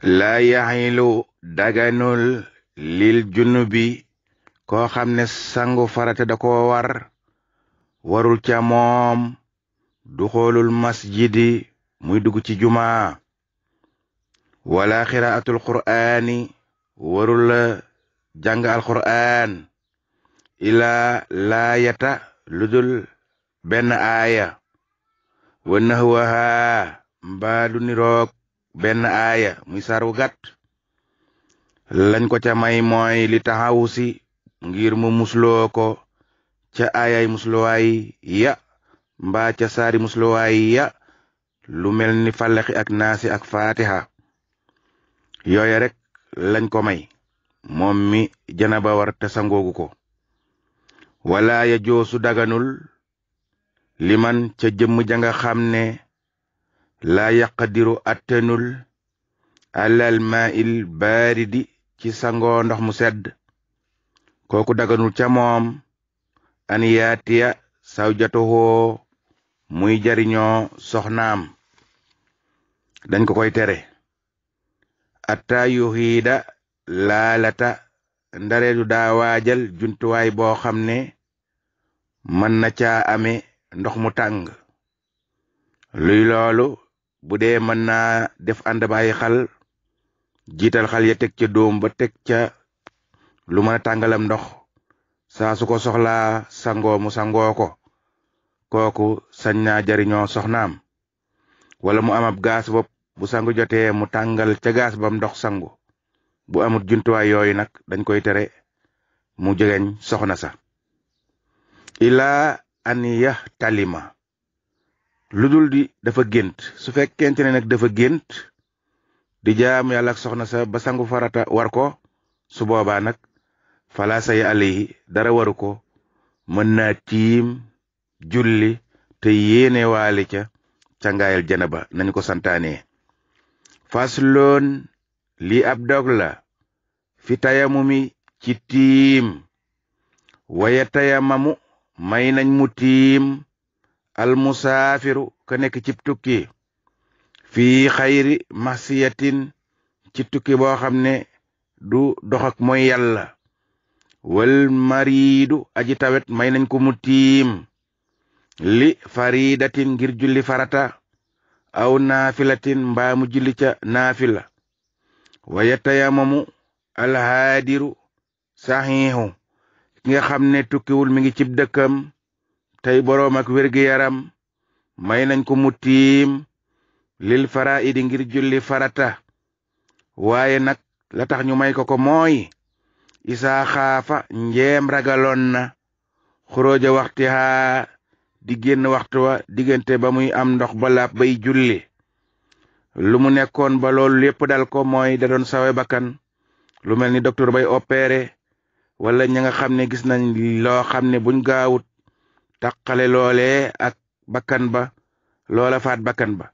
laa yaxilu daganul lil junubi koo xam ne sangu farata da ko war warul ca moom du xoolul masjidi muy dugg ci juma wala xiraatul qur'aani warul la jàng alqur'aan ilaa laayata ludul benn aaya wa naxwaha mbaa lu niroog benn aya muy saar wu lañ ko ca may mooy li taxawu si ngir mu musloo ko ca ayay musluwaay ya mbaa ca saari musluwaay ya lu mel ni falaxi ak nasi ak faatiha yooye rek lañ ko may moom mi janaba war te sangoogu ko wala ya joosu daganul liman ca jëmm ja nga xam ne laa yaqadiru attanul alal maa'il baaridi ci sango ndox mu sedd kooku daganul ca moom an yaatiya sawjatuhoo muy jariñoo soxnaam dañ ko koy tere atta yuxiida laalata ndare du waajal jumtuwaay boo xam ne mën na caa ame ndox mu tàng luy loolu bu dee mën naa def ànd bàyyi xal jiital xal ya teg ca doom ba teg ca lu mën a ndox saa ko soxlaa sangoo mu sangoo ko kooku sañ naa jariñoo soxnaam wala mu am ab gaas bopp bu sangu jotee mu tàngal ca gaas bam ndox sangu bu amut jumtuwaay yooyu nag dañ koy tere mu jegeñ soxna sa ilaa an yax talima lu dul di dafa gént su fekkente ne nag dafa gént di jaam yàlla ak soxna sa ba sangu farata war ko su boobaa nag fala say alayhi dara waru ko mën naa tiim julli te yéene waale ca cangaayal janaba nañu ko santaane fasloon lii ab dog la fi tayamumi ci tiim waya tayamamu may nañ mu tiim almusaafiru ka nekk cib tukki fii xayri masiyatin ci tukki boo xam ne du dox moy mooy yàlla wal mariidu aji tawet may nañ ko mu tiim li faridatin ngir julli farata aw naafilatin mbaa mu julli ca naafila wa yatayamamu alhaadiru saxiixu ki nga xam ne tukkiwul mi ngi cib dëkkam tey boroom ak wér-gi-yaram may nañ ko mu tiim lil faraidi ngir julli farata waaye nag la tax ñu may ko ko mooy isaa xaafa njeem ragaloon na xurooja waxti haa di génn waxtu wa diggante ba muy am ndox ba laab bay julli lu mu nekkoon ba loolu lépp dal ko mooy da doon sawe bakkan lu mel ni docteur bay opéré wala ña xam ne gis nañ loo xam ne buñ gaawut taqale loole ak bakkan ba loola faat bakkan ba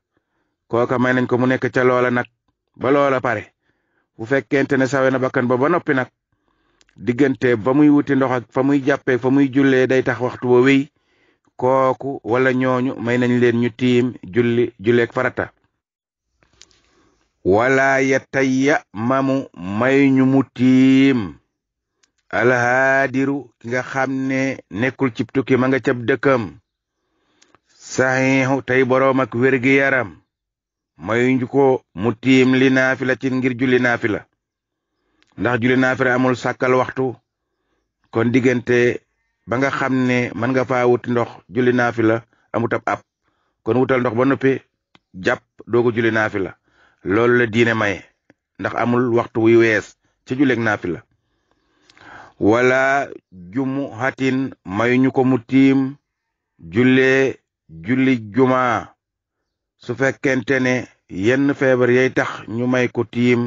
kooka may nañ ko mu nekk ca loola nag ba loola pare bu fekkente ne sawe na bakkan ba ba noppi nag diggante ba muy wuti ndox fa muy jàppee fa muy jullee day tax waxtu wa wéy kooku wala ñooñu may nañ leen ñu tiim julli julleeg farata wala ya tayya mamu may ñu mu tiim alhaadiru ki nga xam ne nekkul cib tukki ma nga cab dëkkam saxiixu tey boroom ak wérgi yaram mayuñ ko mu tiim li naafila ci ngir julli naafila ndax julli naafila amul sàkkal waxtu kon diggante ba nga xam ne mën nga faa ndox julli naafila amut ab ab kon wutal ndox ba noppi jàpp dogu julli naafila loolu la diine maye ndax amul waxtu wuy wees ci julleeg naafila wala jumu hatin mayuñu ko mu tiim jullee julli jumaa su fekkente ne yenn feebar yeey tax ñu may ko tiim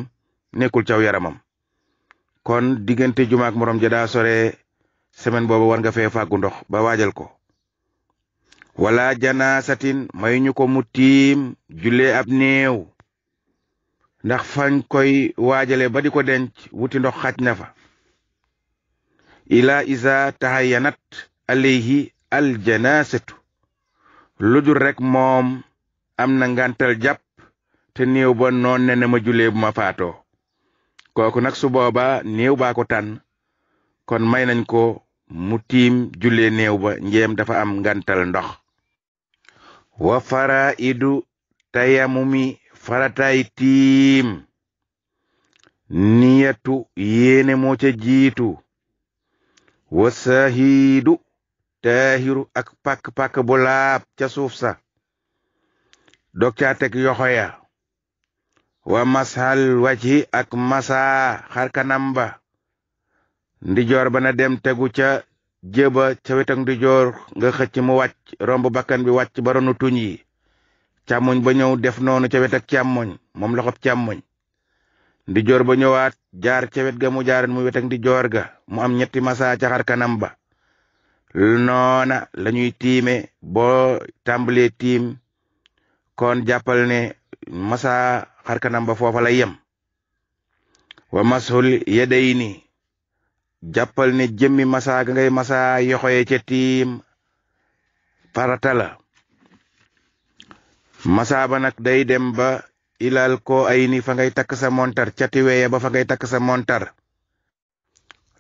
nekkul caw yaramam kon diggante jumaak morom ja daa sore semaine boobu war nga fee fàggu ndox ba waajal ko wala janaasatin mayuñu ko mu tiim jullee ab néew ndax fañ koy waajale ba ko denc wuti ndox xaj na fa ilaa isa taxayanat alayhi aljanasatu lu dul rekk moom am na ngantal jàpp te néew ba noon ne ne ma julee bu ma faatoo kooku nag su booba néew baa ko tànn kon may nañ ko mu tiim julee néew ba njeem dafa am ngantal ndox wa fara idu tayamumi farataay tiim niyatu yéene moo ca jiitu wa sahiidu taahiru ak pàkk-pàkk bu laab ca suuf sa dog caa teg yoxo ya wa masal waci ak masa xarkanam ba ndijoor ba dem tegu ca jéba ca wetak ndijoor nga xëcc mu wàcc romb bakkan bi wàcc ba ronu tuñ yi càmmoñ ba ñëw def noonu ca wetak càmmoñ moom loxob càmmoñ ndi joor ba ñëwaat jaar ca ga mu jaaran mu wet ak joor ga mu am ñetti masa ca xar kanam ba noona lañuy tiime boo tàmbalee tiim kon jàppal ne masa xar kanam ba foofa la yem wa masul yeday ni jàppal ne jëmmi masa ga ngay masa yoxoye ca tiim farata la ba nag day dem ilaal ko ay ni fa ngay takk sa montar cati ba fa ngay takk sa montar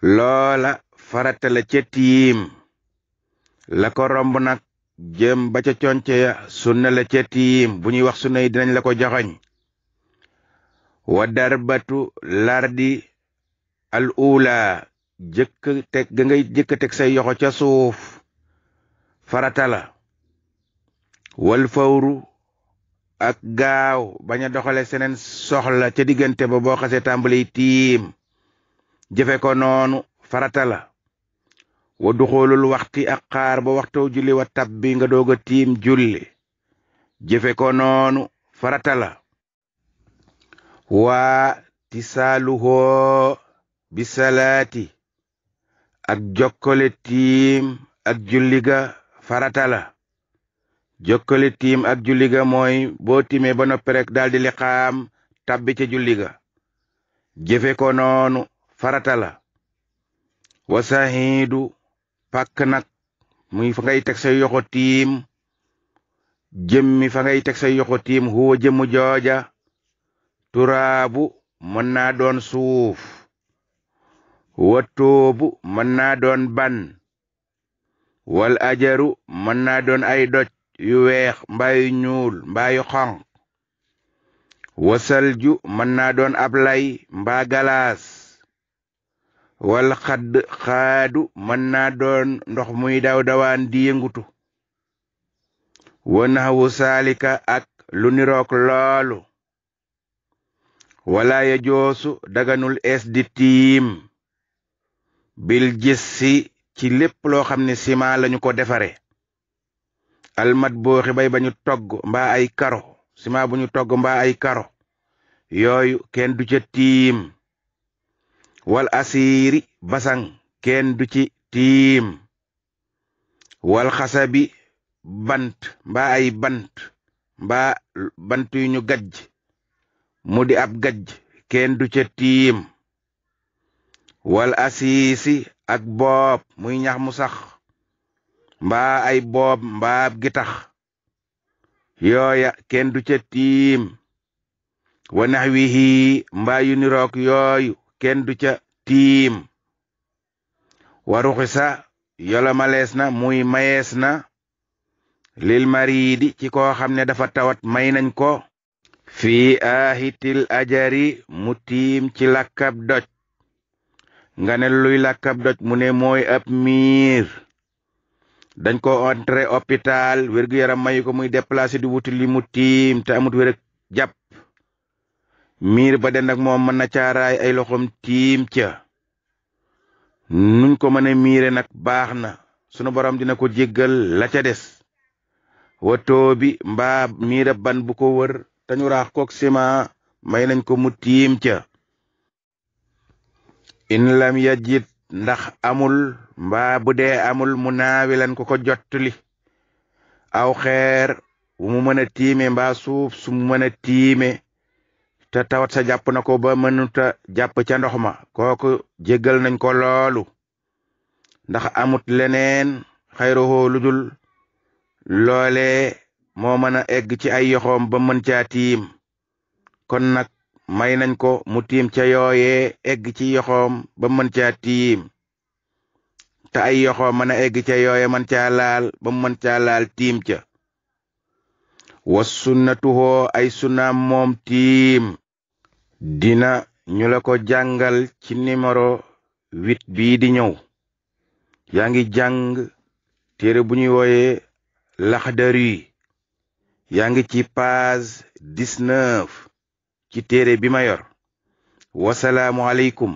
loola farata la ca tiim la nag jëm ba ca conce ya sunna la ca bu ñuy wax sunna yi dinañ la ko joxoñ wa darbatu lardi al ula jëkk teg ga ngay say yoxo ca suuf farata la wal fawru ak gaaw bañ doxale seneen soxla ca diggante ba boo xasee tàmbali tiim jëfe ko noonu farata la wa duxoolul waxti ak xaar ba waxtoo julli wa tab bi nga doog a tiim julli jëfe ko noonu farata la waa tisaaluhoo bi salaati ak jokkale tiim ak julli ga farata la jokkali tiim ak julli ga mooy boo tiimee ba noppi rek daldi liqaam tàbbi ca julli ga jëfe ko noonu farata la wasahiidu pàkk nag muy fa ngay teg say yoxo tiim jëmmi fa ngay teg say yoxo tiim huwa jooja turaabu mën naa doon suuf wa tóobu mën naa doon ban wal ajaru mën naa doon ay doj yu weex mbaa ñuul mbaa yu xonq wasal ju mën naa doon ab lay mbaa galaas wal xadd xaadu mën naa doon ndox muy daw dawaan di yëngutu wanaxwu salika ak lu nirook loolu wala ya joosu daganul es di tiim bil gis si ci lépp loo xam ne sima lañu ko defare almat booxi bay ba ñu togg mbaa ay karo sima bu ñu togg mbaa ay karo yooyu kenn du ca tiim wal asiiri basang kenn du ci tiim wal xasabi bant mbaa ay bant mbaa bant yu ñu gajj mu di ab gajj kenn du ca tiim wal asiisi ak boob muy ñax mu sax mbaa ay boob mbaab gi tax yooya kenn du ca tiim wa nax wihi mbaa yu niroog yooyu kenn du ca tiim waruxi sa yola malees na muy mayees na lil mariidi ci koo xam ne dafa tawat may nañ ko fii aaxitil ajari mu tiim ci lakkab doj nga luy lakkab doj mu ne mooy ab miir dañ ko entré hôpital wérgu yaram mayu ko muy déplacé di wuti li mu tiim te amut wér ak jàpp miir ba den ak moom mën na caaraay ay loxoom tiim ca nuñ ko mën miire nag baax na sunu borom dina ko jéggal la ca des watoo bi mbaa miira ban bu ko wër te ñu kook sima may nañ ko mu tiim ca in lam yajid ndax amul mba bu dee amul mu naawilan ko ko jottali aw xeer wu mu mën a tiime mba suuf su mu mën a tiime te tawat sa jàpp na ko ba mënuta jàpp ca ndox ma kooku jéggal nañ ko loolu ndax amut leneen xayruhoo lu dul loolee moo mën a egg ci ay yoxoom ba mën caa tiim kon nag may nañ ko mu tiim ca yooyee egg ci yoxoom ba mën caa tiim te ay yoxoom mën a egg ca yooye mën caa laal ba mën caa laal tiim ca wa sunnatuhoo ay sunnaam moom tiim dina ñu la ko jàngal ci nimero huit bii di ñëw yaa ngi jàng téere bu ñuy wooyee Laxdari yaa ngi ci page dix ci téere bi ma yor wasalaamu aleykum